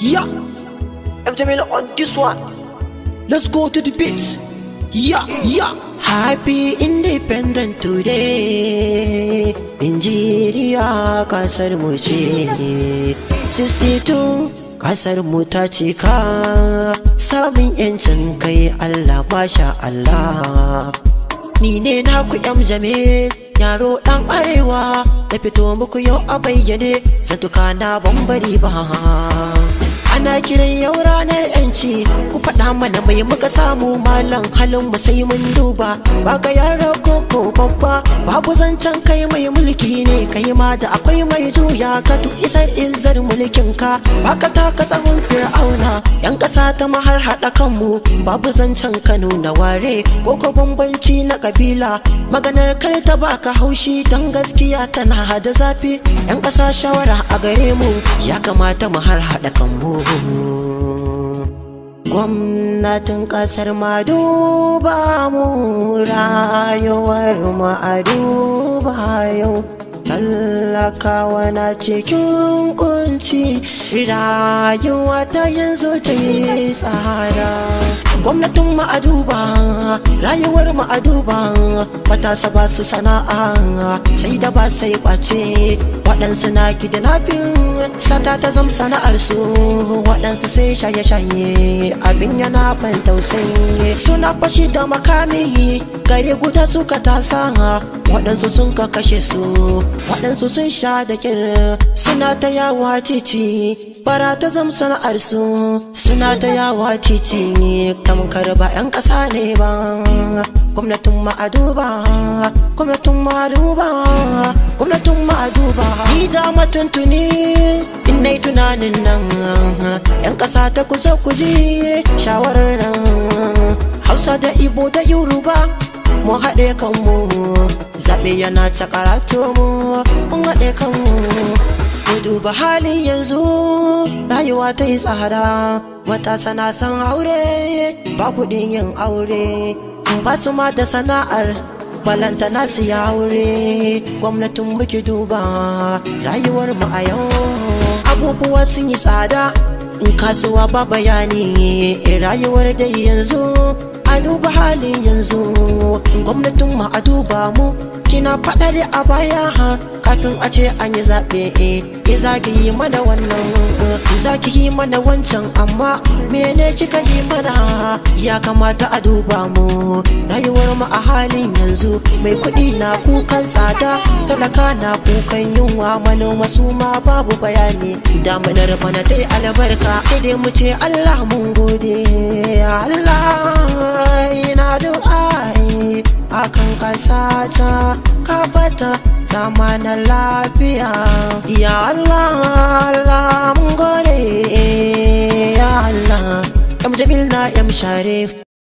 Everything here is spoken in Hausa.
Yeah. Jamil on this one. Let's go to the beat. Yeah, yeah. Happy independent today. Nigeria kasar mu ce. 62 kasar mu ta cika. Samun yancin kai Allah masha Allah. Ni ne naku yam Jamil. yaro ɗan arewa Da fito muku yau a bayyane tuka na bambari ba ana kiran yau ranar yanci ku faɗa mana mai muka samu malam halin mu sai mun duba ba ga yara koko babba babu zancen kai mai mulki ne kai ma da akwai mai juya ka duk isar izar mulkin ka ba ka ka tsahon fir'auna yan ƙasa ta mahar haɗa kanmu babu zancen kano na ware koko bambanci na kabila maganar kar ta baka haushi don gaskiya tana hada zafi yan ƙasa shawara a gare mu ya kamata mu har haɗa kanmu gwamnatin ƙasar ma duba mu rayuwar mu a duba yau tallakawa na cikin kunci rayuwa ta yanzu ta yi tsara gwamnatin mu a duba rayuwar mu a duba matasa ba su sana'a sai da ba sai kwace waɗansu na kidnapping sata ta zam sana'ar su waɗansu sai shaye-shaye abin yana ban tausayi suna fashi da makami gari guda suka tasa waɗansu sun ka kashe su waɗansu sun sha da kir suna ta yawa titi bara ta zam sana'ar su suna ta yawa titi tamkar ba 'yan ƙasa ne ba gwamnatin ma a duba gwamnatin ma a duba gwamnatin ma a duba ni da matuntuni in tunanin nan 'yan ƙasa ta kusa ku ji shawarar nan hausa da ibo da yoruba mun haɗe kanmu zaɓe yana cakaratu mu mun haɗe kanmu duba halin yanzu rayuwa ta yi tsada matasa na san aure ba kuɗin yin aure ba su ma da sana'ar balanta na su aure gwamnatin muke duba rayuwar mu a yau abubuwa sun yi tsada in kasuwa ba bayani rayuwar dai yanzu a duba halin yanzu gwamnatin mu a duba mu kina faɗari a baya ha kafin a ce an yi zaɓe e ki za yi mana wannan zaki yi mana wancan amma mene kika yi mana ya kamata a duba mu rayuwar mu a halin yanzu mai kuɗi na kukan tsada talaka na kukan yunwa manoma su ma babu bayani damanar mana dai albarka sai dai mu ce Allah mun gode Allah ina du'a gani akan ta ka bata zamanin lafiya ya Allah Allah mun gode ya Allah yam jamil na ya sharif